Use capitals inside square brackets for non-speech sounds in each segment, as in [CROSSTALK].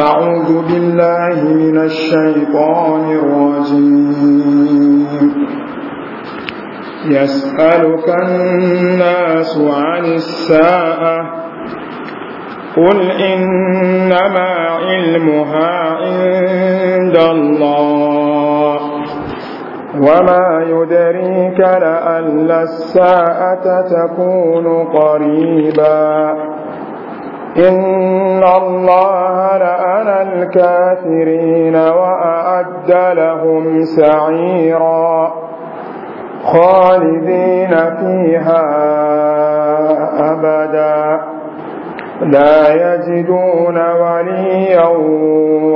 أعوذ بالله من الشيطان الرجيم يسألك الناس عن الساعة قل إنما علمها عند الله وما يدريك لأن الساعة تكون قريباً إن الله لأنى الكافرين وأعد لهم سعيرا خالدين فيها أبدا لا يجدون وليا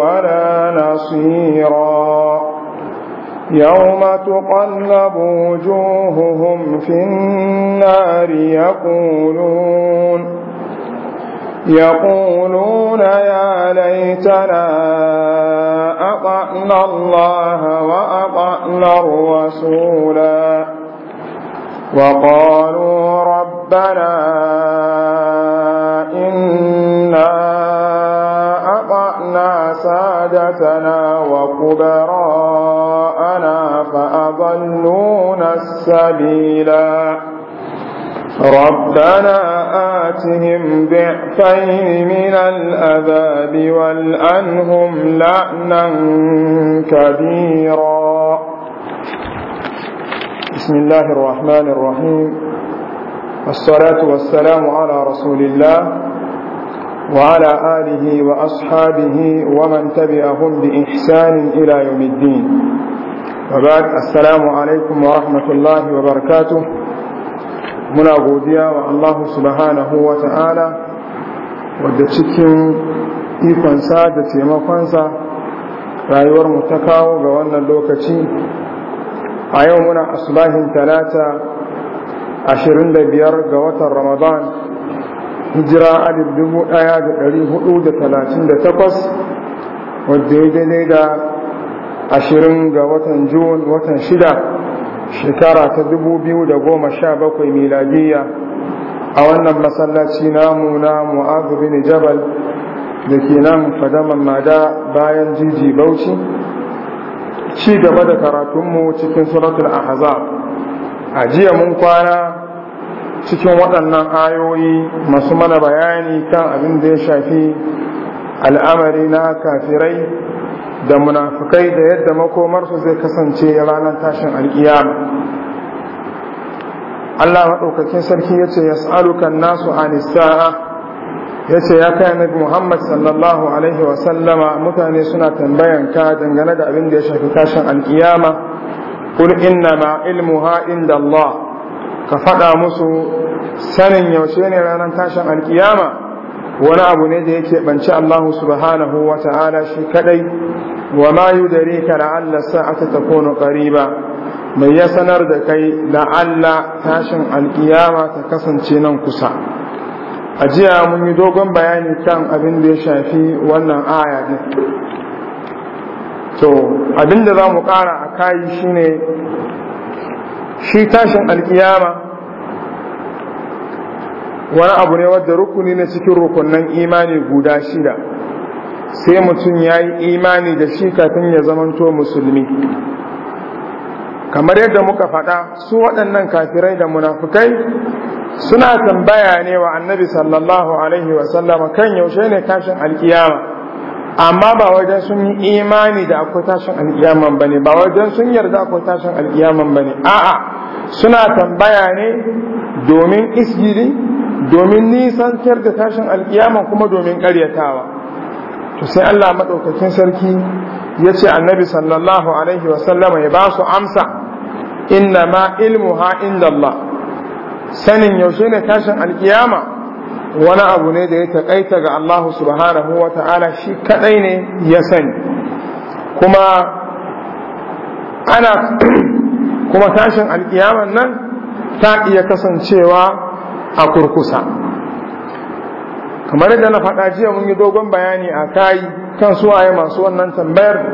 ولا نصيرا يوم تقلب وجوههم في النار يقولون يقولون يا ليتنا أطعنا الله وأطعنا الرسولا وقالوا ربنا إنا أطعنا سادتنا وكبراءنا فأضلونا السبيلا ربنا آتهم بعفين من الأذاب والأنهم لعنا كبيرا بسم الله الرحمن الرحيم والصلاة والسلام على رسول الله وعلى آله وأصحابه ومن تبعهم بإحسان إلى يوم الدين وبعد السلام عليكم ورحمة الله وبركاته muna godiya wa Allah subhanahu wa ta'ala wadda cikin ikonsa da taimakonsa rayuwar mu ta kawo ga wannan lokaci a yau muna asubahin talata biyar ga watan ramadan hijira alif 1438 wadda ya dane da 20 ga watan jun watan shida shekara ta dubu biyu da goma sha 2017 miladiya a wannan masallaci namu na mu'azu bin jabal da ke nan fadaman mada bayan jiji bauchi ci gaba da karatunmu cikin suratul ahzab a jiya mun kwana cikin waɗannan ayoyi masu mana bayani kan abin da ya shafi al'amari na kafirai da munafukai da yadda makomarsu zai kasance ranar tashin alkiyama Allah maɗaukakin sarki ya ce ya tsarukan nasu anisa'a ya ce ya kai annabi Muhammad sallallahu alaihi wa mutane suna tambayan ka dangane da abin da ya shafi tashin alkiyama kul inna ma ilmuha inda Allah ka faɗa musu sanin yaushe ne ranar tashin alkiyama wani abu ne da yake banci Allah subhanahu wa ta'ala shi kadai wa ma yudrika ta sa'ata takunu qariba mai ya sanar da kai da Allah tashin alkiyama ta kasance nan kusa a jiya mun yi dogon bayani kan abin da ya shafi wannan aya ne to abin da za mu ƙara a kayi shine shi tashin alkiyama wani abu ne wadda rukuni na cikin rukunan imani guda shida sai mutum ya yi imani da shi kafin ya zamanto musulmi kamar yadda muka faɗa su waɗannan kafirai da munafukai suna tambaya ne wa annabi sallallahu alaihi wasallama kan yaushe ne tashin alkiyama amma ba wajen sun yi imani da akwai tashin alkiyaman ba ne ba wajen sun yarda akwai tashin alkiyaman ba ne a'a suna tambaya ne domin isgiri domin nisan kyar da tashin alkiyama kuma domin karyatawa to sai Allah madaukakin sarki ya ce annabi sallallahu alaihi wasallama ya ba su amsa inna ma ilmu ha inda Allah sanin yaushe ne tashin alkiyama wani abu ne da ya taƙaita ga Allah subhanahu wa ta'ala shi kaɗai ne ya sani kuma ana kuma tashin alkiyaman nan ta iya kasancewa a kurkusa kamar da na faɗa jiya mun yi dogon bayani a kai kan su suwaye masu wannan tambayar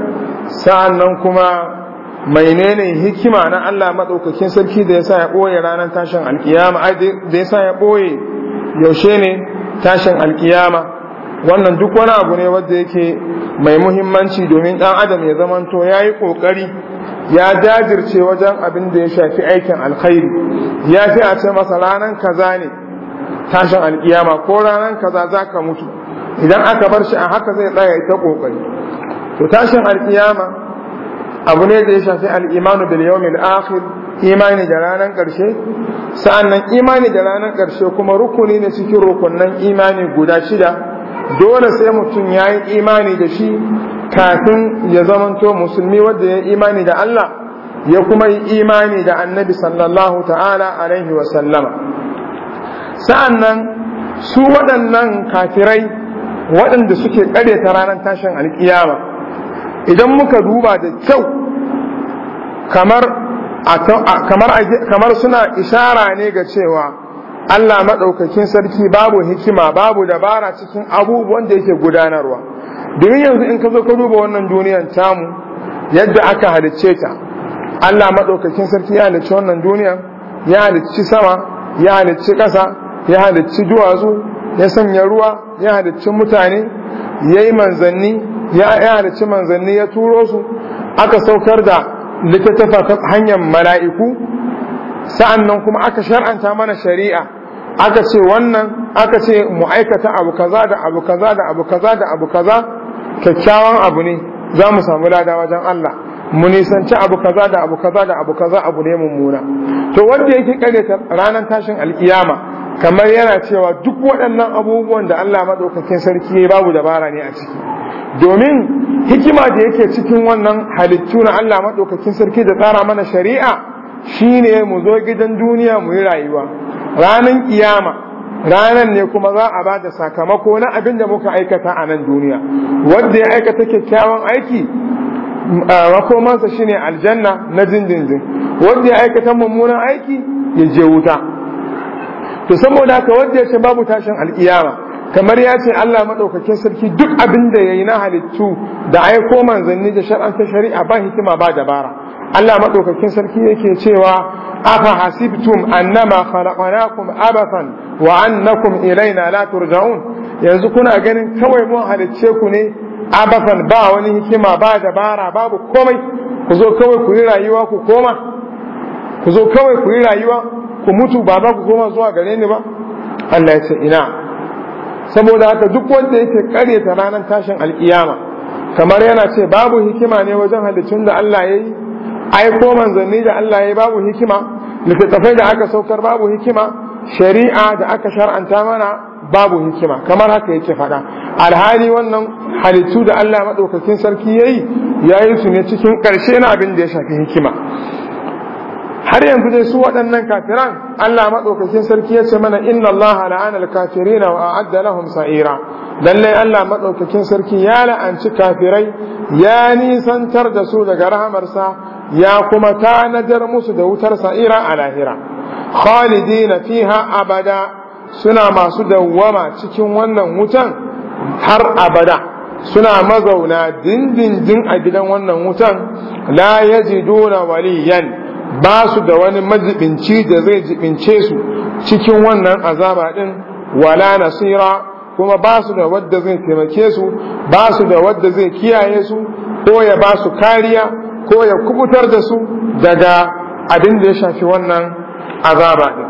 sa'an nan kuma nene hikima na Allah maɗaukakin sarki da yasa ya ɓoye ranar tashin alkiyama da yasa ya ɓoye yaushe ne tashin alkiyama wannan duk wani abu ne wadda yake mai muhimmanci domin ɗan adam ya zamanto yi kokari ya jajirce wajen abin da ya shafi aikin alkhairi ya fi a ce masa ranar kaza ne tashin alkiyama ko ranar kaza ka mutu idan aka bar shi a haka zai tsaya ita kokari to tashin alkiyama abu ne da ya shafi al'imanu bil mil akhir imani da ranar ƙarshe sa'annan imani da ranar ƙarshe kuma rukuni ne cikin rukunnan imani guda shida dole sai mutum ya yi imani da shi kafin ya zamanto musulmi wadda ya yi imani da Allah ya kuma yi imani da annabi sallallahu ta'ala alaihi sallama sa'an nan su waɗannan kafirai waɗanda suke ta ranar tashin alƙiyama idan muka duba da kyau kamar suna isara ne ga cewa Allah maɗaukakin sarki babu hikima babu dabara cikin abubuwan da yake gudanarwa domin yanzu in ka zo ka duba wannan duniyar tamu yadda aka halicce ta Allah maɗaukakin sarki ya halicci wannan duniya ya halicci sama ya halicci ƙasa ya halicci duwatsu ya sanya ruwa ya halicci mutane ya yi manzanni ya halicci manzanni ya turo su aka saukar da littattafa ta hanyar mala'iku sa'an nan kuma aka shar'anta mana shari'a aka ce wannan aka ce mu aikata abu kaza da abu kaza da abu kaza da abu kaza kyakkyawan abu ne za mu samu lada wajen Allah mu nisanci abu kaza da abu kaza da abu kaza abu ne mummuna to wanda yake karyata ranar tashin alkiyama kamar yana cewa duk waɗannan abubuwan da Allah madaukakin sarki ya babu dabara ne a ciki domin hikima da yake cikin wannan halittu na Allah madaukakin sarki da tsara mana shari'a shine mu zo gidan duniya mu yi rayuwa ranan kiyama ranan ne kuma za a bada sakamako na abin da muka aikata a nan duniya wanda ya aikata kyakkyawan aiki makomansa shine aljanna na jinjinjin wanda ya aikata mummunan aiki ya je wuta to saboda haka wanda ya ce babu tashin alkiyama kamar ya ce Allah madaukakin sarki duk abin da ya na halittu da aiko manzanni da shar'anta shari'a ba hikima ba dabara Allah maɗaukakin sarki yake cewa afahasibtum annama khalaqnakum abathan wa annakum ilaina la yanzu kuna ganin kawai mun halicce ku ne abafan ba wani hikima ba dabara babu komai ku zo kawai ku yi rayuwa ku koma ku zo kawai ku yi rayuwa ku mutu ba za ku koma zuwa gare ni ba Allah ya ce ina saboda haka duk wanda yake karyata ranar tashin alkiyama kamar yana ce babu hikima ne wajen halittun da Allah ya yi aiko manzanni da Allah ya babu hikima littattafai da aka saukar babu hikima shari'a da aka shar'anta mana babu hikima kamar haka yake faɗa alhali wannan halittu da Allah maɗaukakin sarki ya yi ya yi su ne cikin ƙarshe na abin da ya shafi hikima har yanzu dai su waɗannan kafiran Allah maɗaukakin sarki ya ce mana inna Allah la'ana al-kafirin wa a'adda lahum sa'ira lallai Allah maɗaukakin sarki ya la'anci kafirai ya nisantar da su daga rahamarsa ya kuma tanadar musu da wutar sa'ira a lahira khalidina fiha abada suna masu dawwama cikin wannan wutan har abada suna mazauna dindindin a gidan wannan wutan la yajiduna waliyan ba su da wani majibinci da zai jibince su cikin wannan azaba din wala nasira kuma ba su da wadda zai taimake su ba su da wadda zai kiyaye su ko ya ba su kariya ko ya kubutar da su daga abin da ya shafi wannan azaba din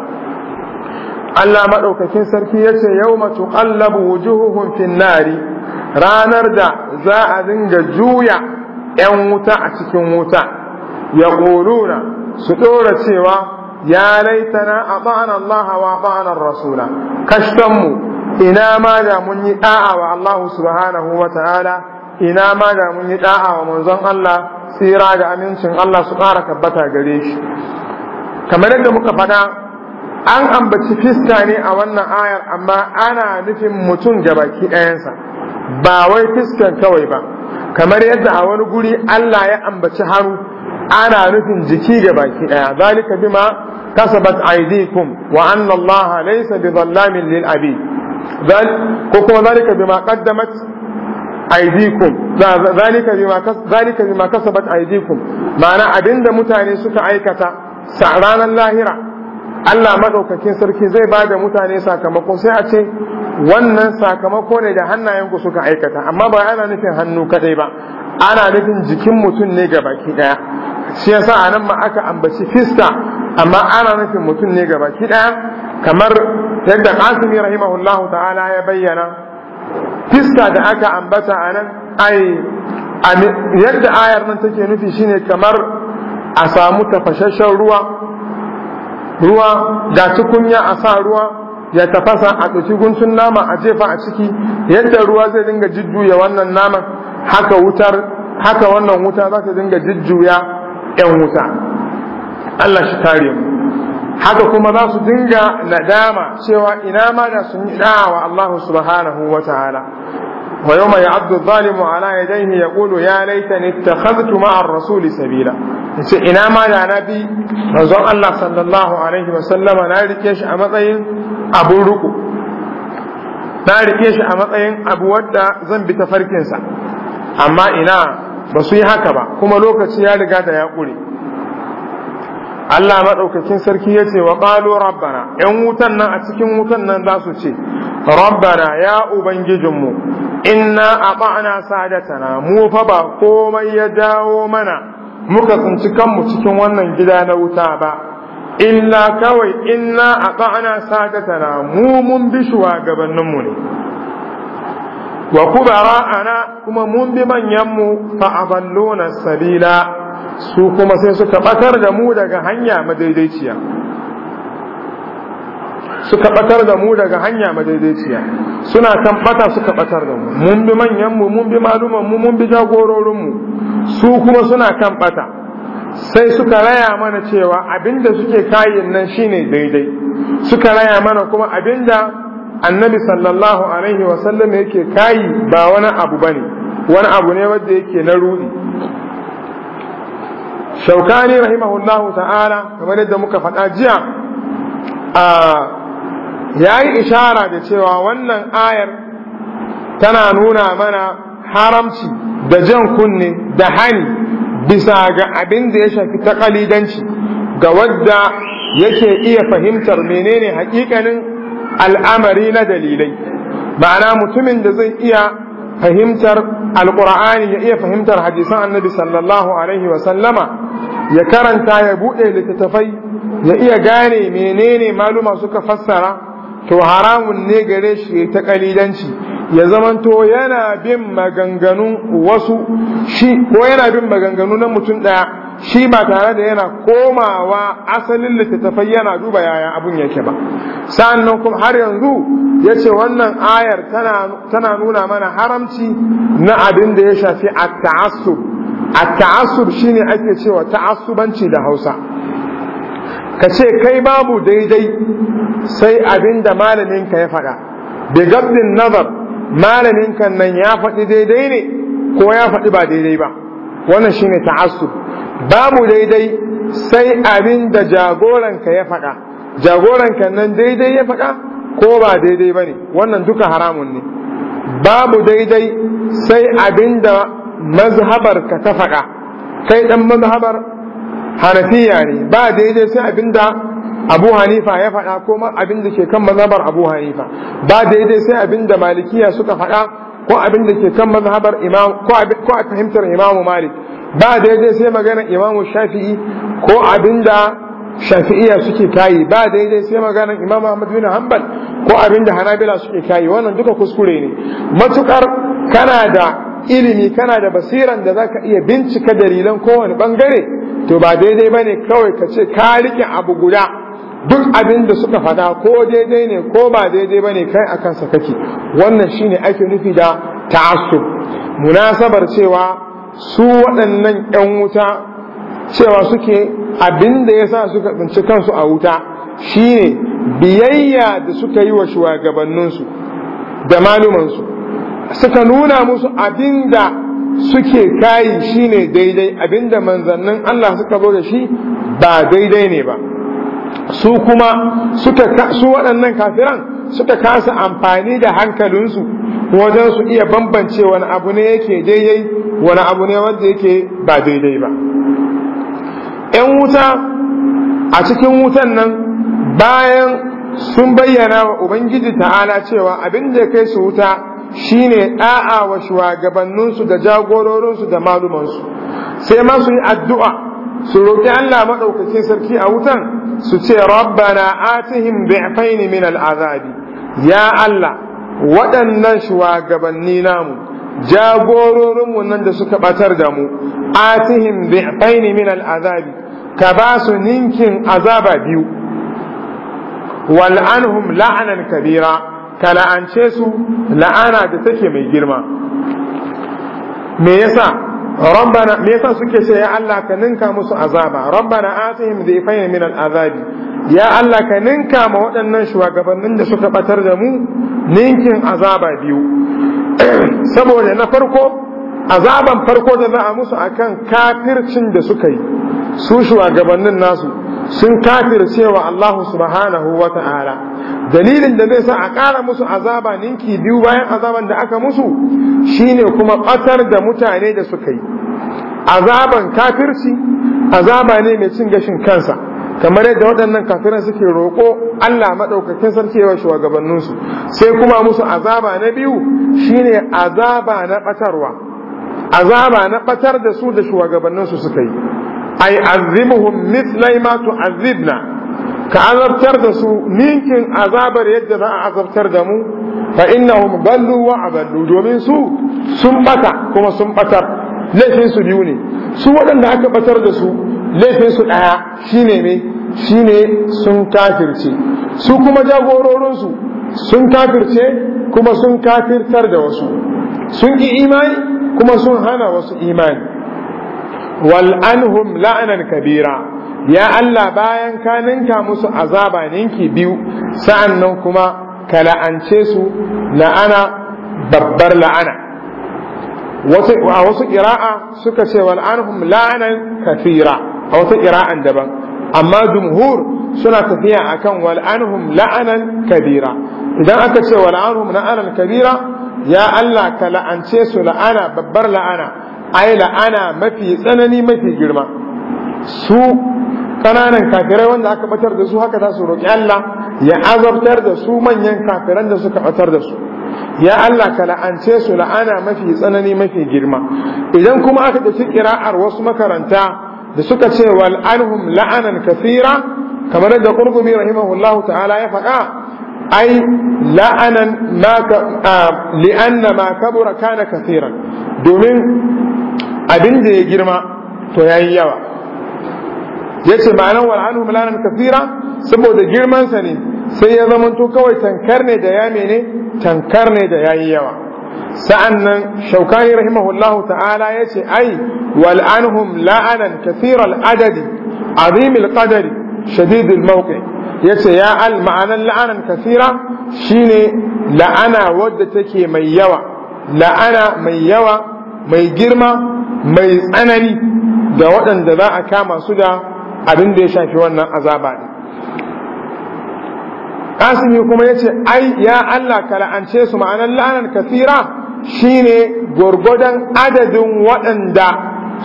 Allah madaukakin sarki yace yawma tuqallabu wujuhuhum fin nari ranar da za a dinga juya ‘yan wuta a cikin wuta, ya ƙoruna su ɗora cewa, ya laitana a ba'an Allah wa ba'an Rasula, kashtanmu ina ma da mun yi ɗa'a wa Allah subhanahu wa ta'ala, ina ma da mun yi ɗa'a wa manzon Allah tsira ga amincin Allah su ƙara tabbata gare shi kamar yadda muka faɗa an ambaci fiska ne a wannan ayar amma ana nufin mutum ga baki ɗayansa ba wai fiskan kawai ba kamar yadda a wani guri Allah ya ambaci haru ana nufin jiki ga baki ɗaya zalika bima kasabat aydikum wa anna Allah laysa bi dhallamin lil abid ko kuma zalika bima qaddamat aidikum zalika bima zalika bima kasabat aidikum ma'ana abinda mutane suka aikata sa ranar lahira Allah madaukakin sarki zai ba da mutane sakamako sai a ce wannan sakamako ne da hannayenku suka aikata amma ba ana nufin hannu kadai ba ana nufin jikin mutum ne ga baki daya shi yasa anan ma aka ambaci fista amma ana nufin mutum ne ga baki daya kamar yadda Qasimi rahimahullahu ta'ala ya bayyana fista da aka ambata a nan ai yadda ayar nan take nufi shine kamar a samu tafashashen ruwa ruwa da tukunya a sa ruwa ya tafasa a ɗauki guntun nama a jefa a ciki yadda ruwa zai dinga jujjuya wannan naman haka wutar haka wannan wuta za ta dinga jujjuya 'yan wuta Allah shi kare mu haka kuma za su dinga nadama cewa ina ma da sun yi wa Allah subhanahu wa ta'ala wa yawma ya'addu adh-dhalimu ala ya yaqulu ya laitani ittakhadhtu ma'a ar-rasul sabila ce ina ma da na bi manzon Allah sallallahu alaihi wa sallama na rike shi a matsayin abun ruku na rike shi a matsayin abu wadda zan bi tafarkinsa amma ina ba su yi haka ba kuma lokaci ya riga da ya Allah maɗaukakin sarki ya ce wa ƙalo rabbana ‘yan wutan nan a cikin wutan nan za su ce, rabbana ya Ubangijinmu, inna a ba'ana sadatana, mu fa ba komai ya dawo mana, muka tsinci kanmu cikin wannan gida na wuta ba, illa kawai inna a ba'ana sadatana, mu mun bi shugabanninmu ne. Wa ana kuma mun bi manyanmu fa aballona sabila. su kuma sai suka bakar da mu daga hanya madaidaiciya suka bakar da mu daga hanya madaidaiciya suna kan bata suka bakar da mu mun bi manyan mu mun bi maluman mu mun bi jagororin mu su kuma suna kan bata sai suka raya mana cewa abinda suke kayin nan shine daidai suka raya mana kuma abinda annabi sallallahu alaihi wasallam yake kayi ba wani abu bane wani abu ne wanda yake na rudi shaukani rahimahullahu ta'ala kamar yadda muka faɗa jiya ya yi ishara da cewa wannan ayar tana nuna mana haramci da jan kunne da hani bisa ga abin da ya shafi ta takalidanci ga wadda yake iya fahimtar menene hakikanin al'amari na dalilai ma'ana mutumin da zai iya fahimtar Alƙur'ani ya iya fahimtar hadisan annabi sallallahu alaihi wa sallama ya karanta ya bude littattafai ya iya gane menene maluma suka fassara to haramun ne gare shi ta ƙalidanci. ya zamanto yana bin maganganun wasu shi ko yana bin maganganu na mutum ɗaya shi ba tare da yana komawa asalin littattafai yana duba yaya abun yake ba sa'annan kuma har yanzu ya ce wannan ayar tana nuna mana haramci na abin da ya shafi a ta'assub a ta'assub ne ake cewa ta'asubanci da hausa ka ce kai babu daidai sai abin da malaminka ya faɗa bi gabdin nazar malamin kan nan ya faɗi daidai ne ko ya faɗi ba daidai ba wannan shine ta'assub babu daidai sai abin da jagoranka ya faɗa jagoranka nan daidai ya faɗa ko ba daidai ba wannan duka haramun ne babu daidai sai abin da ka ta faɗa kai ɗan mazhabar hanafiya ne ba daidai sai abin da abu hanifa ya faɗa ko ma abin da ke kan mazhabar abu hanifa ba daidai sai abin da malikiya suka faɗa ko abin da ke kan mazhabar imam ko a fahimtar imamu malik ba daidai sai magana imamu shafi'i ko abin da shafi'iya suke kayi ba daidai sai magana imam ahmad bin hanbal ko abin da hanabila suke kayi wannan duka kuskure ne matukar kana da ilimi kana da basiran da zaka iya bincika dalilan kowane bangare to ba daidai bane kawai ka ce ka rike abu guda duk abin da suka fada ko daidai ne ko ba daidai ba ne kai a kansa kake wannan shine ake nufi da ta'assub munasabar cewa su waɗannan 'yan wuta cewa suke abin da ya sa suka tsinci kansu a wuta shine biyayya da suka yi wa shugabanninsu da malumansu suka nuna musu abin da suke kayi shine daidai abin da manzannin Allah suka zo da shi ba daidai ne ba su kuma su waɗannan kafiran suka kasa amfani da hankalinsu wajen su iya bambance wani abu ne yake daidai wani abu ne wanda yake ba daidai ba ‘yan wuta a cikin wutan nan bayan sun bayyana wa Ubangiji ta'ala cewa abin da kai su wuta shine ɗa'awa wa shugabanninsu da jagororinsu da malumansu sai ma su yi addu'a su roƙi Allah maɗaukacin sarki a wutan su ce rabbana atihim bi'faini min al'azabi ya Allah waɗannan shugabanni namu jagororinmu nan da suka ɓatar da mu atihim bi'faini min al'azabi ka ba su ninkin azaba biyu wal'anhum la'anan kabira ka la'ance su la'ana da take mai girma me yasa rabbana me yasa suke ce ya Allah ka ninka musu azaba rabbana atihim dhifayn min al'azabi ya Allah ka ninka ma waɗannan shugabannin da suka batar da mu ninkin azaba biyu [CLEARS THROAT] saboda na farko azaban farko da za a musu akan kafircin da suka yi su shugabannin nasu sun kafircewa Allah subhanahu wa ta'ala dalilin da zai sa a ƙara musu azaba ninki biyu bayan azaban da aka musu shine kuma ɓatar da mutane da suka yi azaban kafirci azaba ne mai cin gashin kansa kamar yadda waɗannan kafiran suke roƙo Allah maɗaukakin sarki shugabanninsu sai kuma musu azaba na biyu shine azaba na ɓatarwa azaba na batar da su da shugabannin su suka yi ai azibuhum mithlai ma tu'azibna ka azabtar da su ninkin azabar yadda za a azabtar da mu fa innahum ballu wa aballu domin su sun bata kuma sun batar laifin su biyu ne su waɗanda aka batar da su laifin su ɗaya shine ne shine sun kafirce su kuma jagororin su sun kafirce kuma sun kafirtar da wasu sun ki imani kuma sun hana wasu imani wal'anhum la'anan kabira ya Allah bayan ka ninka musu azaba ninki biyu sa'annan kuma ka la'ance su la'ana babbar la'ana a wasu ƙira'a suka ce wal anhum la'anan kafira a wasu ƙira'an daban amma jumhur suna tafiya akan wal la'anan kabira idan aka ce wal la'anan kabira ya Allah ka la'ance su la'ana babbar la'ana ai la'ana mafi tsanani mafi girma su kananan kafirai wanda aka batar da su haka za su roƙi Allah ya azabtar da su manyan kafiran da suka batar da su ya Allah ka la'ance su la'ana mafi tsanani mafi girma idan kuma aka ɗauki kira'ar wasu makaranta da suka ce wal anhum la'anan kathira kamar da qurtubi rahimahullahu ta'ala ya faɗa ai la'anan li'anna ma kabura kana kasiran domin abin da ya girma to yayi yawa yace ma'anan wal anhum la'anan kasira saboda girmansa ne sai ya zama kawai tankar ne da ya mene tankar ne da yayi yawa Sa'an sa'annan shaukani rahimahullahu ta'ala yace ai wal la'anan kasira adadi azim al qadari shadid yace ya al ma'anan la'anan kasira shine la'ana wadda take mai yawa la'ana mai yawa mai girma mai tsanani da waɗanda za a kama su da abin da ya shafi wannan azaba ne kasimi kuma yace ai ya Allah ka la'ance su ma'anan la'anan kasira shine gwargwadon adadin waɗanda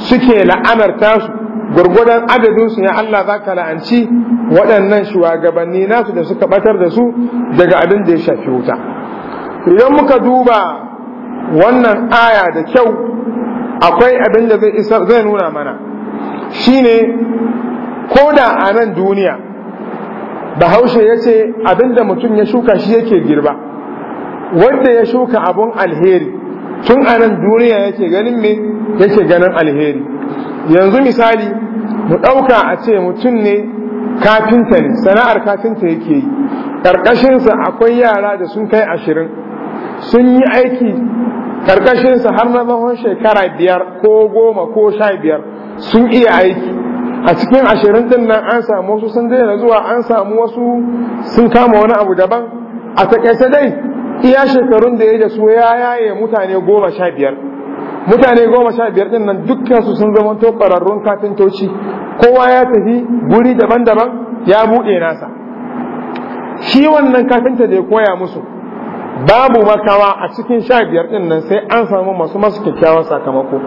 suke la'anar tasu gurgudan adadin su ne Allah za ka la'anci waɗannan shugabanni nasu da suka batar da su daga abin da ya shafi wuta idan muka duba wannan aya da kyau akwai abin da zai zai nuna mana shine ko da a nan duniya bahaushe ya ce abin da mutum ya shuka shi yake girba wanda ya shuka abun alheri tun a nan duniya yake ganin me yake ganin alheri yanzu misali mu ɗauka a ce mutum ne kafinta ne sana'ar kafinta yake yi ƙarƙashinsa akwai yara da sun kai ashirin sun yi aiki ƙarƙashinsa har na tsawon shekara biyar ko goma ko sha biyar sun iya aiki a cikin ashirin din nan an samu wasu sun daina zuwa an samu wasu sun kama wani abu daban a taƙaice dai iya shekarun da ya da su ya yaye mutane goma sha biyar mutane goma sha biyar din nan dukkansu sun zama to ƙwararrun kafintoci kowa ya tafi guri daban-daban ya buɗe nasa shi wannan kafinta da ya koya musu babu makawa a cikin sha biyar ɗin nan sai an samu masu masu kyakkyawan sakamako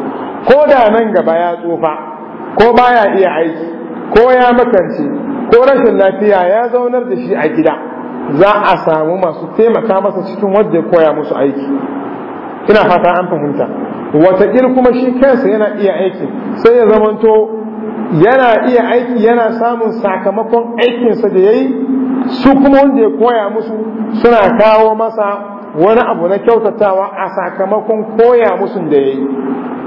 ko da nan gaba ya tsufa ko baya iya aiki ko ya makance ko rashin lafiya ya zaunar da shi a gida za a samu masu taimaka masa cikin wadda ya koya musu aiki ina fata an fahimta wataƙil kuma shi kansa yana iya aiki sai ya zamanto yana iya aiki yana samun sakamakon aikinsa da ya yi su kuma wanda ya koya musu suna kawo masa wani abu na kyautatawa a sakamakon koya musu da ya yi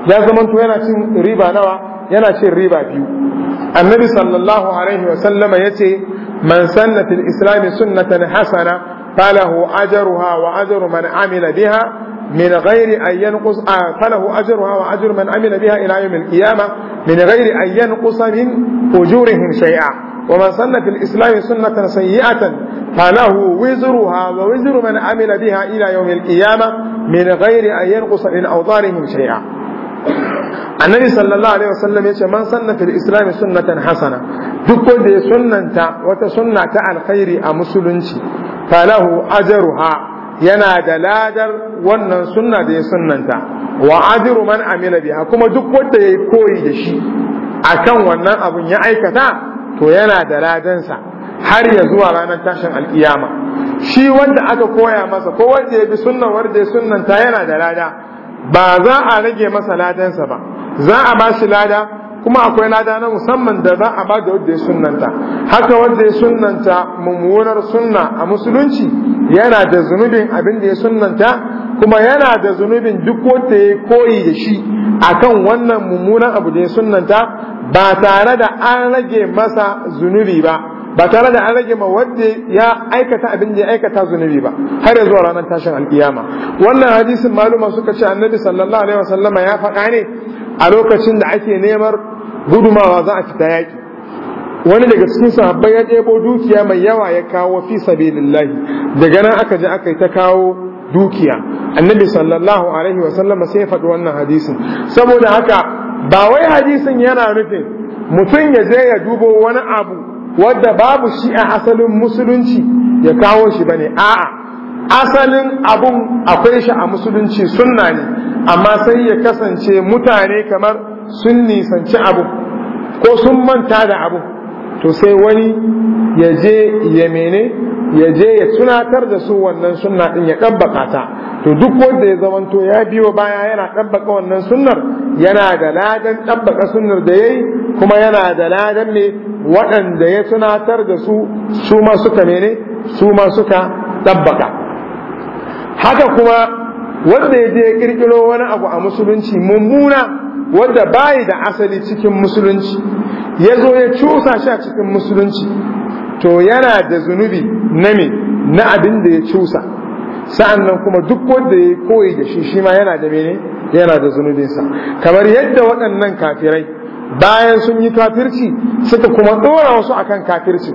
ya zamanto yana cin riba nawa yana cin riba biyu annabi sallallahu alaihi wasallama ya ce man sannatil islami sunnatan hasana falahu ajruha wa ajru man amila biha من غير أن ينقص آه، فله أجرها وأجر من أمن بها إلى يوم القيامة من غير أن ينقص من أجورهم شيئا ومن صلى في الإسلام سنة سيئة فله وزرها ووزر من أمن بها إلى يوم القيامة من غير أن ينقص من أوضارهم شيئا النبي صلى الله عليه وسلم يقول من صلى في الإسلام سنة حسنة دكو دي سنة وتسنة الخير أمسلنش فله أجرها yana da ladar wannan sunna da ya sunnanta wa ajiru man amila biha kuma duk wanda yayi koyi da shi akan wannan abun ya aikata to yana da ladansa har ya zuwa ranar tashin alkiyama shi wanda aka koya masa ko wanda ya bi sunna wanda ya sunnanta yana da lada ba za a rage masa ladansa ba za a ba shi lada kuma akwai lada na musamman da za a ba da wanda ya sunanta. haka wanda ya sunanta mummunar sunna a musulunci yana da zunubin abin da ya sunanta. kuma yana da zunubin duk wanda ya koyi da shi akan wannan mummunan abu da ya sunanta ba tare da an rage masa zunubi ba ba tare da an rage ma wanda ya aikata abin da ya aikata zunubi ba har zuwa ranar tashin alkiyama wannan hadisin maluma suka ce annabi sallallahu alaihi wasallama ya faɗa ne a lokacin da ake neman gudumawa za a fita yaƙi wani daga cikin sahabbai ya ɗebo dukiya mai yawa ya kawo fi sabilillahi daga nan aka ji aka yi ta kawo dukiya annabi sallallahu alaihi wa sallama sai ya faɗi wannan hadisin saboda haka ba wai hadisin yana nufin mutum ya je ya dubo wani abu wadda babu shi a asalin musulunci ya kawo shi bane a'a asalin abun akwai shi a musulunci sunna ne amma sai ya kasance mutane kamar sun nisanci abu ko sun manta da abu to sai wani ya je ya mene ya je ya tunatar da su wannan sunna din ya ɗabbaka ta to duk wanda ya zamanto ya biyo baya yana ɗabbaka wannan sunnar yana da ladan ɗabbaka sunnar da ya yi, kuma yana da ladan ne waɗanda ya tunatar da su su ma suka mene su ma suka ɗabbaka haka kuma wanda ya je ya kirkiro wani abu a musulunci mummuna wanda bayi da asali cikin musulunci ya zo ya cusa shi a cikin musulunci to yana da zunubi na me na abin da ya cusa sa'an nan kuma duk wanda ya koyi da shi shi ma yana da mene yana da zunubinsa kamar yadda waɗannan kafirai bayan sun yi kafirci suka kuma ɗora wasu akan kafirci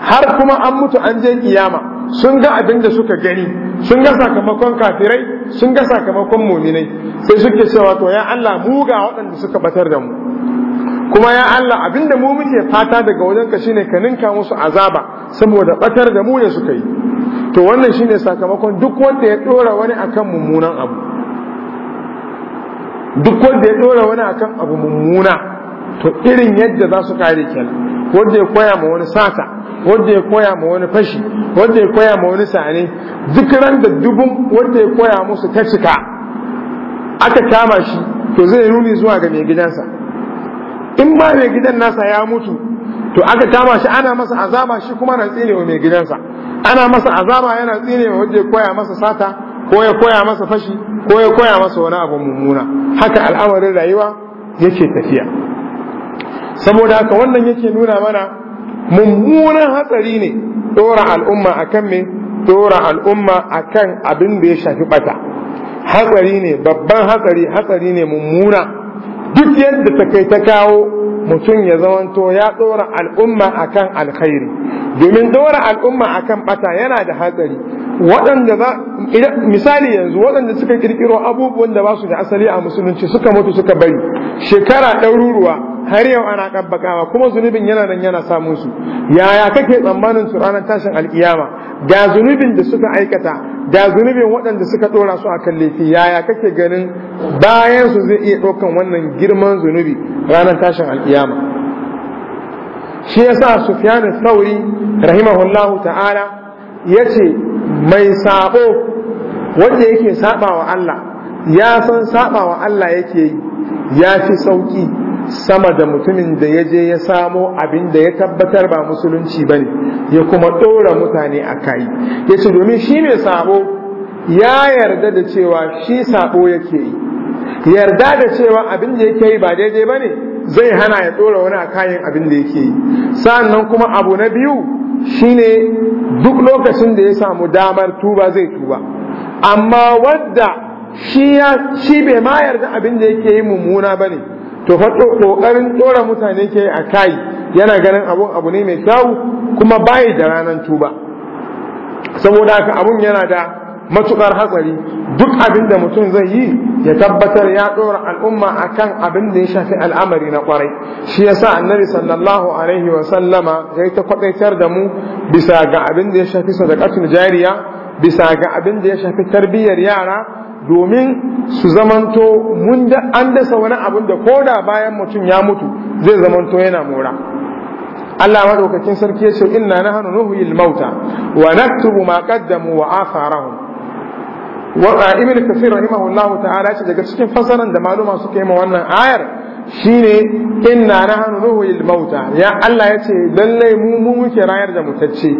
har kuma an mutu an je kiyama sun ga abin da suka gani sun ga sakamakon kafirai sun ga sakamakon muminai sai suke cewa to ya Allah mu ga waɗanda suka batar da mu kuma ya Allah abin da mu muke fata daga wajen ka shine ka ninka musu azaba saboda batar da mu ne suka yi to wannan shine sakamakon duk wanda ya dora wani akan mummunan abu duk wanda ya dora wani akan abu mummuna to irin yadda za su kare kenan wanda ya koya ma wani sata wanda ya koya ma wani fashi wanda ya koya ma wani sani duk ran da dubun wanda ya koya musu ta cika aka kama shi to zai nuni zuwa ga mai gidansa in ba mai gidan nasa ya mutu to aka kama shi ana masa azaba shi kuma na tsine wa mai gidansa ana masa azaba yana tsine wa wanda ya koya masa sata ko ya koya masa fashi ko ya koya masa wani abu mummuna haka al'amarin rayuwa yake tafiya saboda haka wannan yake nuna mana mummunan hatsari ne dora al'umma akan me dora al'umma akan abin da ya shafi bata hatsari ne babban hatsari hatsari ne mummuna duk yadda ta kai ta kawo mutum ya zamanto ya dora al'umma akan alkhairi domin dora al'umma akan bata yana da hatsari waɗanda za misali yanzu waɗanda suka ƙirƙiro abubuwan da ba su da asali a musulunci suka mutu suka bari shekara ɗaruruwa har yau ana kabbakawa kuma zunubin yana nan yana samun su yaya kake tsammanin su ranar tashin alkiyama da zunubin da suka aikata da zunubin waɗanda suka ɗora su akan laifi yaya kake ganin bayan su zai iya ɗaukan wannan girman zunubi ranar tashin alkiyama shi yasa sufyan sauri rahimahullahu ta'ala ya ce mai sabo wanda yake saba wa Allah ya san saba wa Allah yake yi ya fi sauki sama da mutumin da ya je ya samo abin da ya tabbatar ba musulunci ba ne, ya kuma ɗora mutane a kai ya ce domin shi mai sabo ya yarda da cewa shi sabo yake yi yarda da cewa abin da yake yi ba daidai ba ne, zai hana ya ɗora wani a kayan abin da yake yi sannan kuma abu na biyu shine duk lokacin da ya samu damar tuba zai tuba amma wadda shi bai ma yarda abin da yake yi mummuna ba ne. to fato kokarin dora mutane ke a kai yana ganin abun abu ne mai kyau kuma bayi da ranar tuba saboda haka abun yana da matukar hatsari duk abin da mutum zai yi ya tabbatar ya dora al'umma akan abin da ya shafi al'amari na kwarai shi yasa annabi sallallahu alaihi wa sallama ya ta kwadaitar da mu bisa ga abin da ya shafi sadaqatul jariya bisa ga abin da ya shafi tarbiyyar yara domin su zamanto mun da an dasa wani abin da koda bayan mutum ya mutu zai zamanto yana mora Allah madaukakin sarki ya ce inna nahnu nuhyil mauta wa naktubu ma qaddamu wa atharahum wa ibn kathir rahimahullahu ta'ala ce daga cikin fasaran da maluma suka yi ma wannan ayar shine inna nahnu nuhyil mauta ya Allah ya ce lalle mu mu muke rayar da mutacce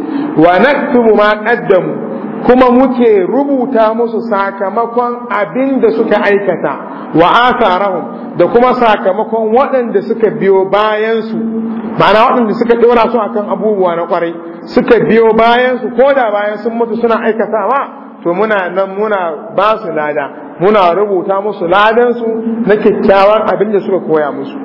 wa naktubu ma qaddamu kuma muke rubuta musu sakamakon abin da suka aikata wa asarahum da kuma sakamakon waɗanda suka biyo bayansu ma'ana waɗanda suka ɗora su akan abubuwa na ƙwarai suka biyo bayansu ko da bayan sun mutu suna aikatawa to muna nan muna ba su lada muna rubuta musu ladansu na kyakkyawar abin da suka koya musu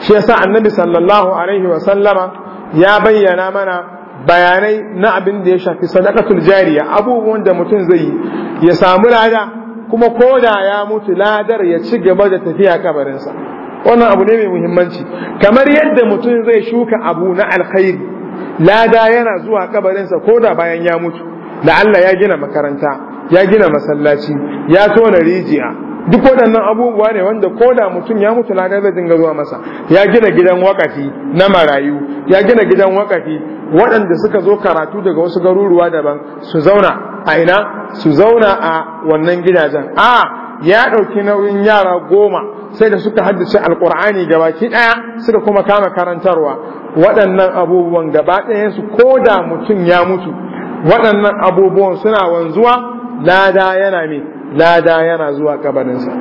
shi yasa annabi sallallahu alaihi wa sallama ya bayyana mana bayanai na abin da ya shafi sadakatul jariya abubuwan da mutum zai yi ya samu lada kuma ko da ya mutu ladar ya ci gaba da tafiya kabarinsa wannan abu ne mai muhimmanci kamar yadda mutum zai shuka abu na alkhairi lada yana zuwa kabarinsa ko da bayan ya mutu da Allah ya gina makaranta ya gina masallaci ya tona rijiya duk waɗannan abubuwa ne wanda ko da mutum ya mutu na zai dinga zuwa masa ya gina gidan wakafi na marayu ya gina gidan wakafi waɗanda suka zo karatu daga wasu garuruwa daban su zauna a ina su zauna a wannan gidajen a ya ɗauki nauyin yara goma sai da suka haddace alkur'ani gabaki ɗaya suka kuma kama karantarwa waɗannan abubuwan gaba ɗayansu ko da mutum ya mutu waɗannan abubuwan suna wanzuwa lada yana me lada yana zuwa kabarinsa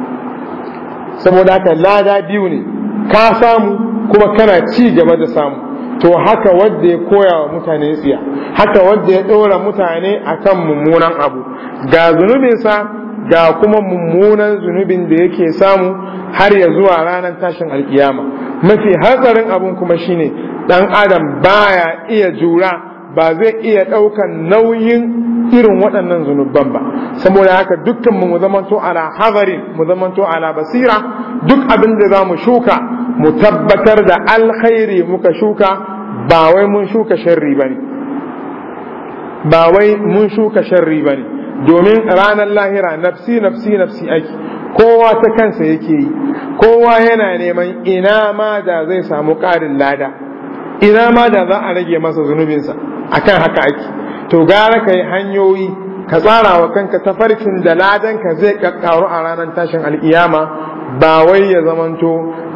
saboda haka lada biyu ne ka samu kuma kana ci gaba da samu to haka wanda ya koya wa mutane tsiya haka wanda ya ɗora mutane akan mummunan abu ga zunubinsa ga kuma mummunan zunubin da yake samu har ya zuwa ranar tashin alkiyama mafi hatsarin abun kuma shine dan adam baya iya jura ba zai iya ɗaukan nauyin irin waɗannan zunubban ba saboda haka dukkan mu zamanto ala hazari mu zamanto ala basira duk abin da zamu shuka mu tabbatar da alkhairi muka shuka ba wai mun shuka sharri bane ba wai mun shuka sharri bane domin ranar lahira nafsi nafsi nafsi ake kowa ta kansa yake yi kowa yana neman ina ma da zai samu ƙarin lada ina ma da za a rage masa zunubinsa akan haka ake to gara ka yi hanyoyi ka tsara wa kanka tafarkin da ladanka zai kakkaru a ranar tashin alkiyama ba wai ya zamanto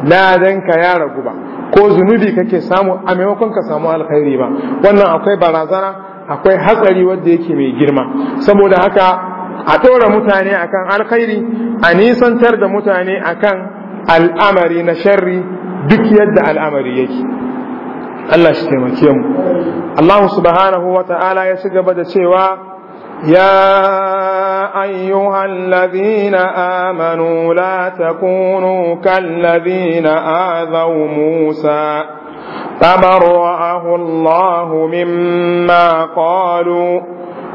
ladanka ya ragu ba ko zunubi kake samu a maimakon ka samu alkhairi ba wannan akwai barazana akwai hatsari wanda yake mai girma saboda haka a ɗora mutane akan alkhairi a nisantar da mutane akan al'amari na sharri duk yadda al'amari yake Allah shi taimake mu Allah subhanahu wa ta'ala ya ci gaba da cewa يا أيها الذين آمنوا لا تكونوا كالذين آذوا موسى فبرأه الله مما قالوا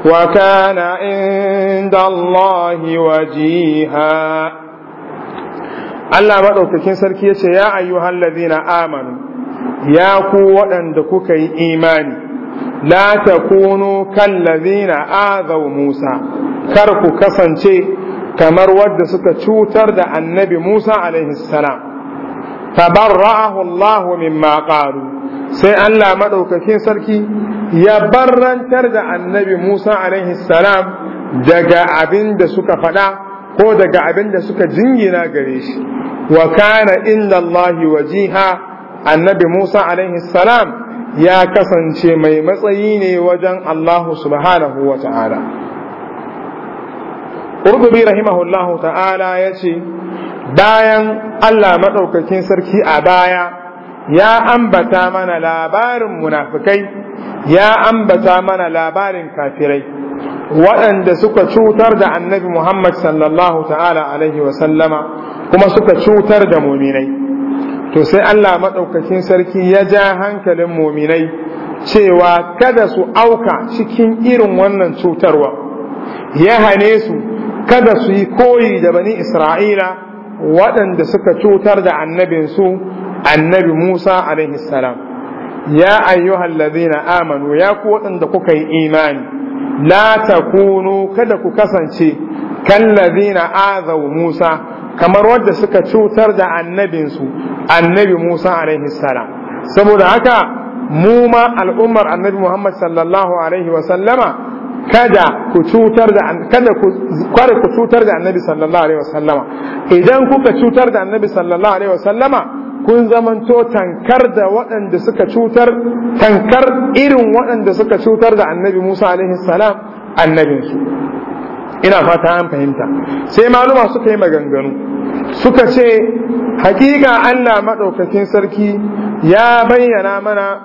وكان عند الله وجيها Allah maɗaukakin sarki ya ce, Ya ayyuhan lazina amanu, ya ku waɗanda kuka yi imani la kan kallazina azaw Musa kar ku kasance kamar wadda suka cutar da annabi Musa alaihi salam tabarra'ahu Allah mimma qalu sai Allah madaukakin sarki ya barrantar da annabi Musa alaihi salam daga abin da suka faɗa ko daga abin da suka jingina gare shi wa kana inda Allahi wajiha annabi Musa alaihi salam ya kasance mai matsayi ne wajen Allah subhanahu wa ta'ala. Urgubi rahimahullahu ta'ala ya ce, Bayan Allah maɗaukakin sarki a baya, ya ambata mana labarin munafikai, ya ambata mana labarin kafirai, waɗanda suka cutar da annabi Muhammad sallallahu ta'ala alaihi sallama kuma suka cutar da muminai. to sai Allah maɗaukakin sarki ya ja hankalin muminai cewa kada su auka cikin irin wannan cutarwa ya hane su kada su yi koyi da bani Isra'ila waɗanda suka cutar da annabinsu annabi Musa salam ya ayyuhal ladina amanu ya ku waɗanda kuka yi imani la kunu kada ku kasance kan ladina azaw Musa kamar wadda suka cutar da annabinsu annabi Musa alaihi salam saboda haka mu ma al'ummar annabi Muhammad sallallahu alaihi wa sallama kada ku cutar da kada ku kware ku cutar da annabi sallallahu alaihi wa sallama idan kuka cutar da annabi sallallahu alaihi wa sallama kun zamanto tankar da waɗanda suka cutar tankar irin waɗanda suka cutar da annabi Musa alaihi salam annabinsu ina fata an fahimta sai maluma suka yi maganganu suka ce hakika Allah madaukakin sarki ya bayyana mana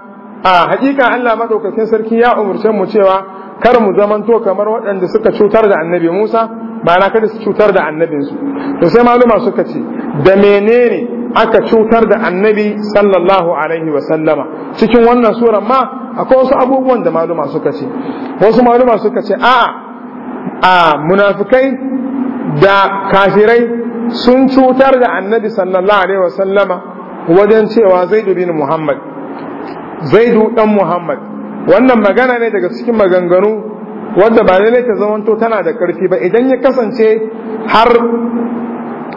a hakika Allah madaukakin sarki ya umurce mu cewa kar mu zamanto kamar waɗanda suka cutar da annabi Musa ba na kada su cutar da annabinsu to sai maluma suka ce da menene aka cutar da annabi sallallahu alaihi wa sallama cikin wannan suran ma akwai wasu abubuwan da maluma suka ce wasu maluma suka ce a'a a munafikai da kafirai sun cutar da annabi sallallahu alaihi wasallama wajen cewa zaidu bin muhammad zaidu dan muhammad wannan magana ne daga cikin maganganu wadda ba lallai ta zamanto tana da ƙarfi ba idan ya kasance har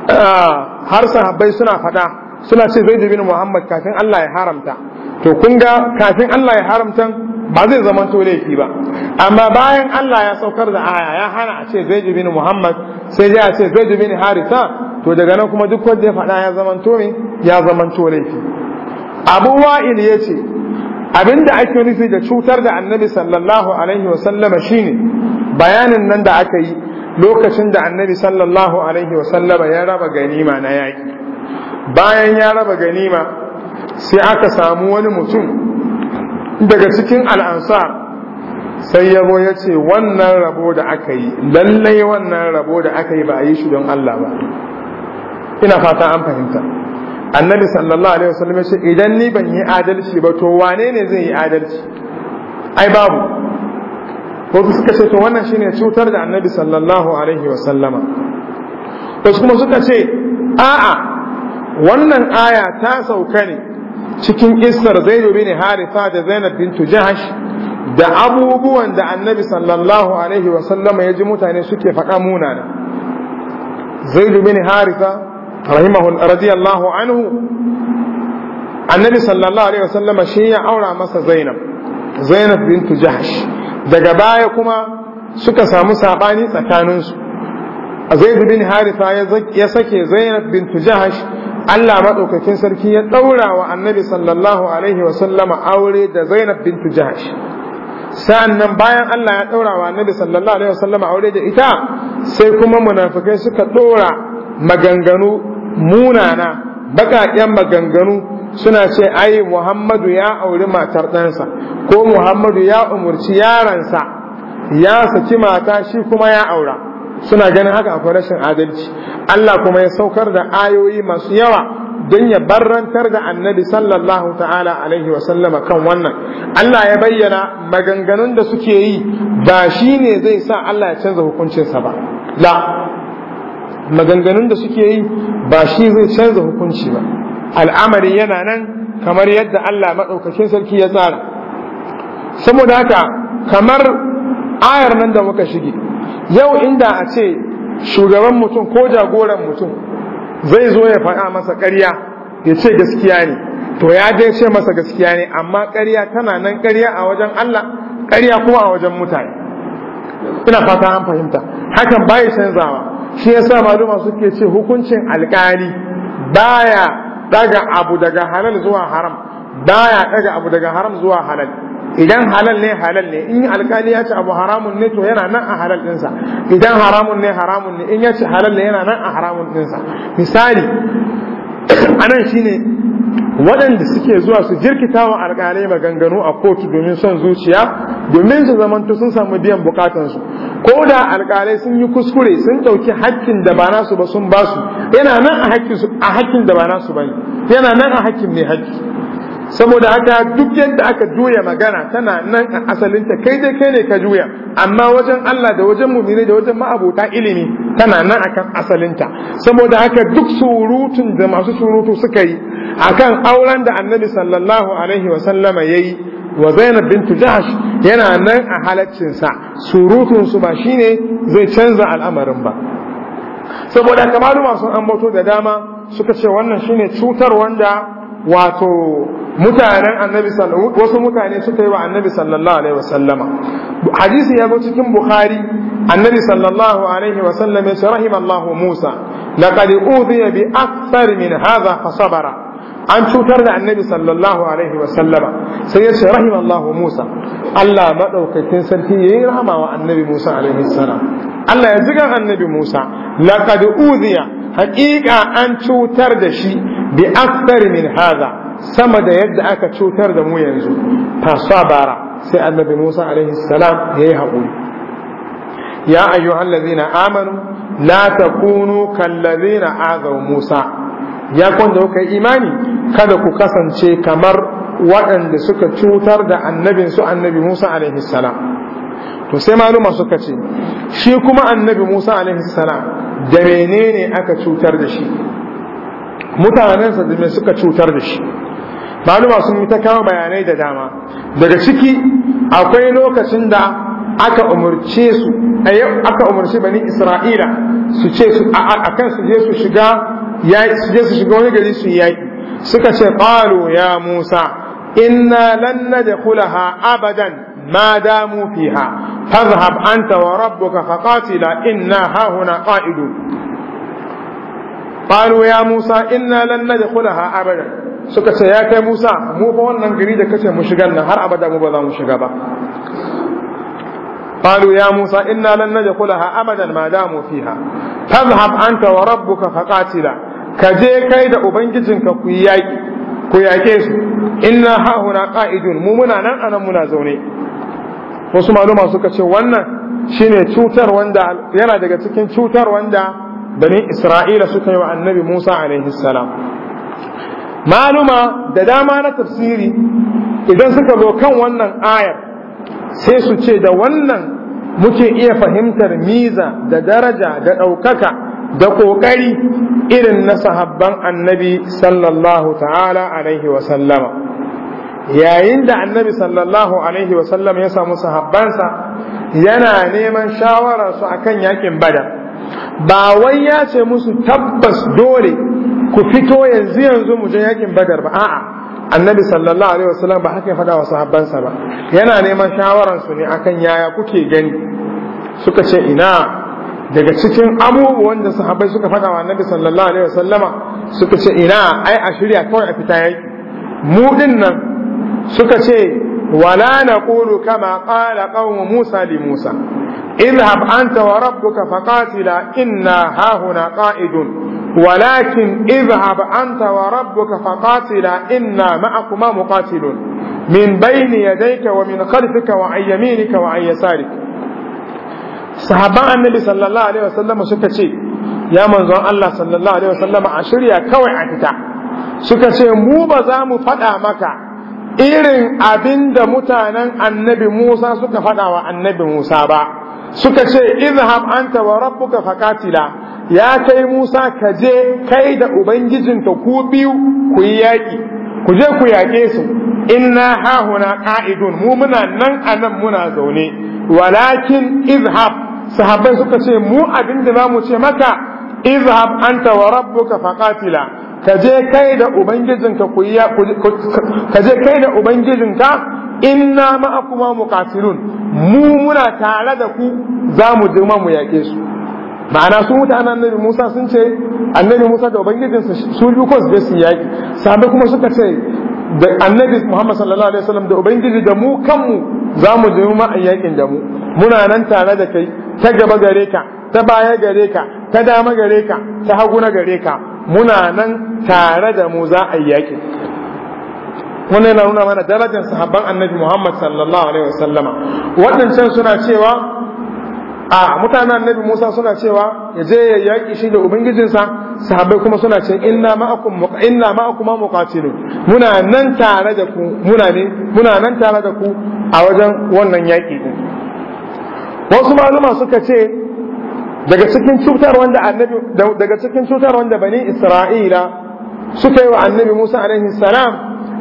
ah, har sahabbai suna fada suna ce zaidu bin muhammad kafin allah ya haramta to kun ga kafin Allah ya haramta ba zai zama to laifi ba amma bayan Allah ya saukar da aya ya hana a ce zai bin Muhammad sai ya ce zai ni Harisa to daga nan kuma duk wanda ya faɗa ya zama to ya zama to laifi Abu Wa'il yace abinda ake nufi da cutar da Annabi sallallahu alaihi wa sallama shine bayanin nan da aka yi lokacin da Annabi sallallahu alaihi wa sallama ya raba ganima na yaki bayan ya raba ganima sai aka samu wani mutum daga cikin al'ansar sai yabo ya ce wannan rabo da aka yi lallai wannan rabo da aka yi ba a yi shi don Allah ba ina fata an fahimta annabi sallallahu alaihi wasallam ya ce idan ni ban yi adalci ba to wane ne zai yi adalci ai babu su suka ce to wannan shine cutar da annabi sallallahu alaihi wasallama wasu kuma suka ce a'a wannan aya ta sauka ne cikin isar zainu bin haritha da zainab bintu jahash da abubuwan da annabi sallallahu alaihi wa ya ji mutane suke faɗa munana zainu bin haritha rahimahul radiyallahu anhu annabi sallallahu alaihi wa shi ya aura masa zainab zainab bintu jahash daga baya kuma suka samu saɓani tsakaninsu zaidu bin haritha ya sake zainab bintu jahash Allah maɗaukakin sarki ya ɗaura wa annabi sallallahu alaihi wasallama aure da Zainab bintu Jahash. Sa'an nan bayan Allah ya ɗaura wa annabi sallallahu alaihi wasallama aure da ita sai kuma munafukai suka ɗora maganganu munana baƙaƙen maganganu suna ce ai Muhammadu ya auri matar ɗansa ko Muhammadu ya umurci yaransa ya saki mata shi kuma ya aura. suna ganin haka akwai rashin adalci Allah kuma ya saukar da ayoyi masu yawa don ya barrantar da annabi sallallahu ta'ala alaihi wa sallama kan wannan Allah ya bayyana maganganun da suke yi ba shi ne zai sa Allah ya canza hukuncinsa ba la maganganun da suke yi ba shi zai canza hukunci ba al'amari yana nan kamar yadda Allah maɗaukakin sarki ya tsara saboda haka kamar ayar nan da muka shige yau inda a ce shugaban mutum ko jagoran mutum zai zo ya faɗa masa ƙarya ya ce gaskiya ne to ya je ce masa gaskiya ne amma ƙarya tana nan ƙarya a wajen Allah ƙarya kuma a wajen mutane ina fata an fahimta hakan baya canzawa shi yasa maluma suke ce hukuncin alƙali baya daga abu daga halal zuwa haram baya daga abu daga haram zuwa halal idan halal ne halal ne in alkali ya ce abu haramun ne to yana nan a halal dinsa. idan haramun ne haramun ne in ya ce halal ne yana nan a haramun dinsa. misali [COUGHS] anan shine waɗanda suke zuwa su jirkita wa alƙalai maganganu a kotu domin son zuciya domin su zamanta sun samu biyan bukatansu ko da alƙalai sun yi kuskure sun ɗauki hakkin da ba nasu ba sun basu yana nan a hakkin da ba nasu ba yana nan a hakkin mai hakki saboda haka duk yadda aka juya magana tana nan a asalinta kai dai kai ne ka juya amma wajen Allah da wajen mu'mini da wajen ma'abota ilimi tana nan akan asalinta saboda haka duk surutun da masu surutu suka yi akan auren da annabi sallallahu alaihi wa sallama yayi wa Zainab bintu Jahsh yana nan a halaccin sa surutun su ba shine zai canza al'amarin ba saboda kamar masu ambato da dama suka ce wannan shine cutar wanda wato mutanen annabi wasu mutane suka yi wa annabi sallallahu alaihi wasallama hadisi ya zo cikin bukhari annabi sallallahu alaihi wasallam ya ce rahimallahu musa laqad udhiya bi akthar min hadha fa sabara an cutar da annabi sallallahu alaihi wasallama sai ya ce rahimallahu musa Allah madaukakin sarki ya yi rahama wa annabi musa alaihi salam Allah ya ziga annabi musa laqad udhiya haqiqa an cutar da shi bi akthar min hadha sama da yadda aka cutar da mu yanzu fa sabara sai annabi Musa alaihi salam yayi hakuri ya ayyuhal ladina amanu la takunu kal ladina azaw Musa ya kwanda kuka imani kada ku kasance kamar waɗanda suka cutar da annabinsu annabi Musa alaihi salam to sai maluma suka ce shi kuma annabi Musa alaihi salam da menene aka cutar da shi mutanensa da suka cutar da shi maluma sun yi ta kawo bayanai da dama daga ciki akwai lokacin da aka umarce su eh, aka umarce bani isra'ila su ce su a kan su je su shiga su je su shiga wani gari su yayi suka ce qalu ya musa inna lan kulaha abadan ma damu fiha fadhhab anta wa rabbuka faqatila inna hahuna ƙa'idu. qalu ya musa inna lan nadkhulaha abada suka ce ya kai musa mu fa wannan gari da kace mu shigar nan har abada mu ba za mu shiga ba qalu ya musa inna lan nadkhulaha abada ma da damu fiha fadhhab anta wa rabbuka faqatila kaje kai da ubangijinka ku yaki ku yake su inna ha huna qa'idun mu muna nan anan muna zaune wasu maluma suka ce wannan shine cutar wanda yana daga cikin cutar wanda bani isra'ila suka yi wa annabi musa alaihi salam maluma da dama na tafsiri idan suka zo kan wannan ayar sai su ce da wannan muke iya fahimtar miza da daraja da ɗaukaka da ƙoƙari irin na sahabban annabi sallallahu ta'ala alaihi wasallama yayin da annabi sallallahu alaihi wasallam ya samu sahabbansa yana neman shawararsu akan yaƙin badar ba wai ya ce musu tabbas dole ku fito yanzu yanzu mu je yakin badar ba a'a annabi sallallahu alaihi wasallam ba haka ya faɗa wa sahabbansa ba yana neman shawararsu ne akan yaya kuke gani suka ce ina daga cikin abubuwan da sahabbai suka faɗa wa annabi sallallahu alaihi wasallama suka ce ina ai a shirya kawai a fita yaki mu din nan suka ce ولا نقول كما قال قوم موسى لموسى اذهب أنت وربك فقاتلا إنا هاهنا قائدون ولكن اذهب أنت وربك فقاتلا إنا معكما مقاتلون من بين يديك ومن خلفك وعن يمينك وعن يسارك sahaban annabi sallallahu alaihi wasallam suka ce ya manzon Allah sallallahu alaihi wasallam a shirya kawai a fita suka ce mu ba za mu faɗa maka irin abin da mutanen annabi Musa suka faɗa wa annabi Musa ba, suka ce, Izhab anta wa rabbuka faƙatila, ya kai Musa ka je kai da Ubangijinka ku biyu ku yi yaƙi, ku je ku yaƙe su, inna hahuna ƙa'idun, mu muna nan a nan muna zaune, walakin izhab, sahabbai suka ce, mu abin da za mu ce maka, izhab anta wa rabbuka faƙatila, ka je kai da ubangijinka ku yi ka kai da ubangijinka inna ma'akuma muqatilun mu muna tare da ku za mu je mu yake su ma'ana su mutanen annabi Musa sun ce annabi Musa da ubangijinsa su biyu ko su je su yaki sabe kuma suka ce da annabi Muhammad sallallahu alaihi wasallam da ubangiji da mu kanmu za mu je mu yakin da mu muna nan tare da kai ta gaba gare ka ta baya gare ka ta dama gare ka ta hagu na gare ka muna nan tare da mu za a yi yaƙi wannan yana nuna mana darajar sahabban annabi Muhammad sallallahu alaihi wasallama waɗancan suna cewa a mutanen annabi Musa suna cewa ya je ya yaƙi shi da ubangijinsa sahabbai kuma suna ce inna ma'akum inna ma'akum muqatilun muna nan tare da ku muna ne muna nan tare da ku a wajen wannan yaƙi din wasu maluma suka ce daga cikin cutar wanda annabi daga cikin cutar wanda bani isra'ila suka yi wa annabi musa alaihi salam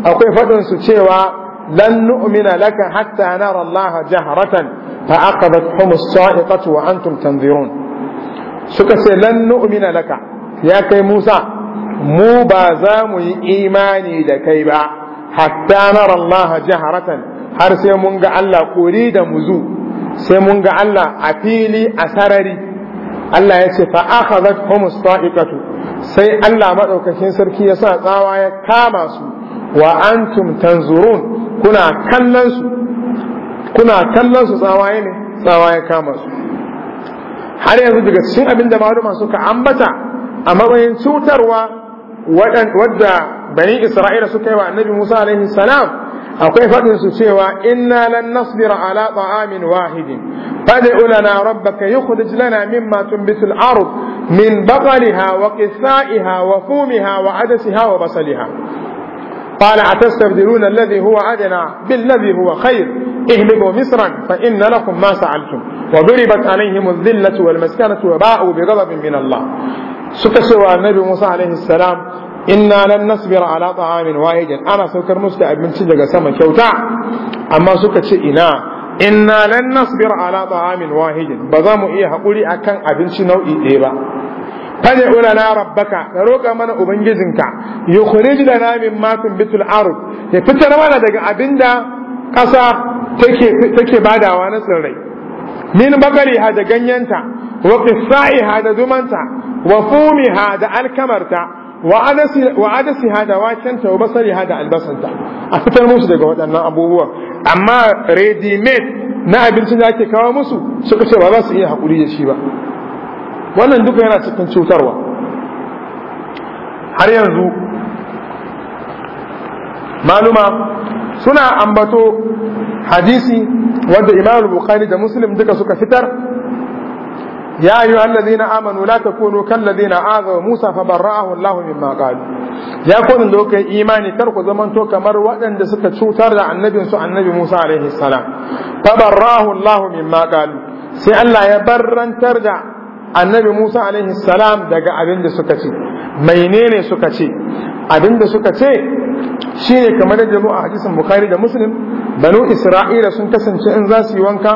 akwai fadin su cewa lan nu'mina laka hatta nara allah jahratan fa aqadatkum as-sa'iqatu wa antum tanzirun suka ce lan nu'mina laka ya kai musa mu ba za mu yi imani da kai ba hatta nara allah jahratan har sai mun ga allah kori da muzu sai mun ga allah a fili a sarari Allah ya ce fa akhadhat humus sa'iqatu sai Allah madaukakin sarki ya sa tsawa ya kama su wa antum tanzurun kuna kallon su kuna kallon su tsawaye ne tsawa ya kama su har yanzu daga cikin abin da maluma suka ambata a matsayin cutarwa wadda bani Isra'ila suka yi wa Annabi Musa alaihi salam akwai faɗin su cewa inna lan nasbira ala ta'amin wahidin fad'u lana rabbaka yukhrij lana mimma tunbitu al-ard min baqaliha wa qithaiha wa fumiha wa adasiha wa basaliha قال أتستبدلون الذي هو أدنى بالذي هو خير اهبطوا مصرا فإن لكم ما سألتم وضربت عليهم الذلة والمسكنة وباءوا بغضب من الله سكسوا النبي موسى عليه السلام inna lan nasbira ala ta'amin wahidin ana saukar musu da abinci daga sama kyauta amma suka ce ina inna lan nasbira ala ta'amin wahidin ba za mu iya hakuri akan abinci nau'i ɗaya ba fane ulana rabbaka ka roƙa mana ubangijinka yukhrij lana mimma bitul ard ya fitar mana daga abinda ƙasa take take badawa na tsirrai min bakariha da ganyenta wa qissaiha da zumanta wa fumiha da alkamarta wa hada waken wa basari hada albasanta a fitar musu daga waɗannan abubuwa amma ready made na abincin da ake kawo musu suka ce ba za su iya haƙuri da shi ba wannan duka yana cikin cutarwa har yanzu maluma suna ambato hadisi wanda imam bukhari da muslim duka suka fitar يا أيها الذين آمنوا لا تكونوا كالذين آذوا موسى فبرأه الله مما قالوا يا كون دوك إيماني كركو زمن تو كمر وأن دسك da عن النبي عن النبي موسى عليه السلام فبرأه الله مما قالوا سي الله يبرن ترجع annabi Musa alaihi salam daga abin da suka ce menene suka ce abin da suka ce shine kamar da a hadisin Bukhari da Muslim Isra'ila sun kasance in za su yi wanka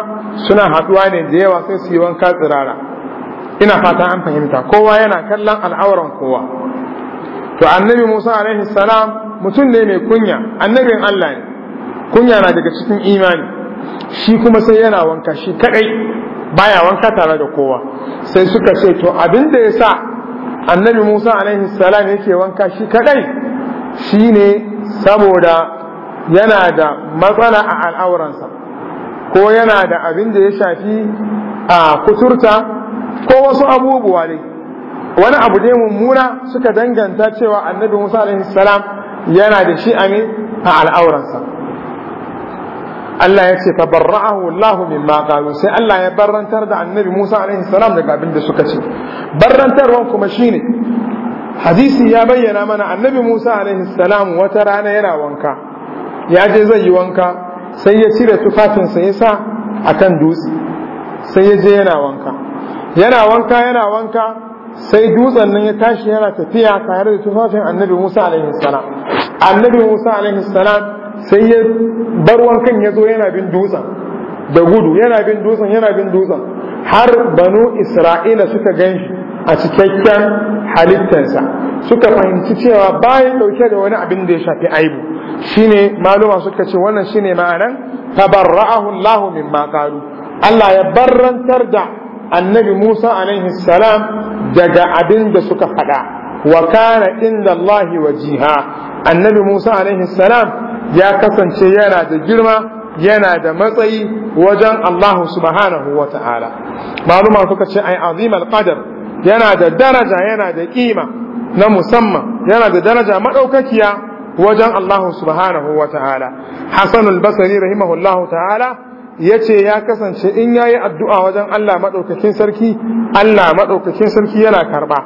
suna haɗuwa ne da yawa sai su yi wanka tsirara ina fata an fahimta kowa yana kallon al'auran kowa to annabi Musa alaihi salam mutum ne mai kunya annabin Allah ne kunya na daga cikin imani shi kuma sai yana wanka shi kadai baya wanka tare da kowa sai suka ce to abin da yasa annabi Musa alaihi salam yake wanka shi kadai ne saboda yana da matsala a al'auransa ko yana da abin da ya shafi a kuturta ko wasu abubuwa ne wani abu ne mummuna suka danganta cewa annabi Musa alaihi salam yana da shi a a al'auransa Allah ya ce barra'ahu Allah mimma qalu sai Allah ya barrantar da annabi Musa alaihi salam daga abin da suka ce barrantarwan kuma shine hadisi ya bayyana mana annabi Musa alaihi salam wata rana yana wanka ya je zai yi wanka sai ya cire tufafinsa ya sa akan dutse sai ya je yana wanka yana wanka yana wanka sai dutsen nan ya tashi yana tafiya tare da tufafin annabi Musa alaihi salam annabi Musa alaihi salam sai ya bar wankan ya zo yana bin dutsen da gudu yana bin dutsen yana bin dutsen har banu Isra'ila suka ganshi a cikakken halittarsa suka fahimci cewa bayan dauke da wani abin da ya shafi aibu shine maluma suka ce wannan shine ma'anan tabarra'ahu Allahu mimma qalu Allah ya barrantar da annabi Musa alaihi salam daga abin da suka faɗa wa kana inda Allah wajiha annabi Musa alaihi salam ya kasance yana da girma yana da matsayi wajen Allah subhanahu wa ta'ala maluma suka ce ai azim alqadar yana da daraja yana da kima na musamman yana da daraja madaukakiya wajen Allah subhanahu wa ta'ala Hassan al-Basri rahimahullahu ta'ala ya ce ya kasance in ya yi addu'a wajen Allah maɗaukakin sarki, Allah maɗaukakin sarki yana karɓa.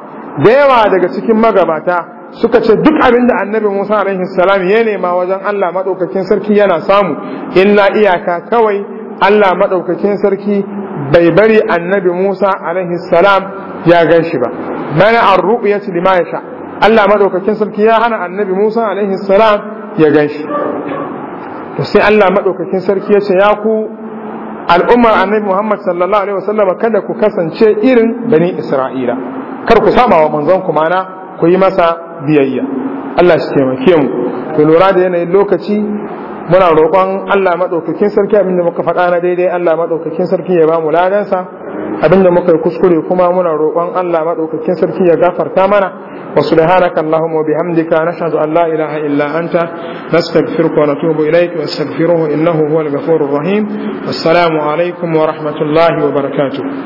Da yawa daga cikin magabata suka ce duk abin da annabi Musa alaihi salam ya nema wajen Allah maɗaukakin sarki yana samu, illa iyaka kawai Allah maɗaukakin sarki bai bari annabi Musa alaihi salam ya gan shi ba. Mana an ruɓu ya ci lima ya sha, Allah maɗaukakin sarki ya hana annabi Musa alaihi salam ya gan shi. to sai Allah madaukakin sarki ya ce ya ku al'ummar annabi Muhammad sallallahu alaihi wasallam kada ku kasance irin bani Isra'ila kar ku saba wa manzon ku mana ku yi masa biyayya Allah shi taimake mu to lura da yanayin lokaci muna roƙon Allah madaukakin sarki abinda muka faɗa na daidai Allah madaukakin sarki ya ba mu ladansa abinda muka yi kuskure kuma muna roƙon Allah madaukakin sarki ya gafarta mana وسبحانك اللهم وبحمدك نشهد أن لا إله إلا أنت نستغفرك ونتوب إليك واستغفره إنه هو الغفور الرحيم والسلام عليكم ورحمة الله وبركاته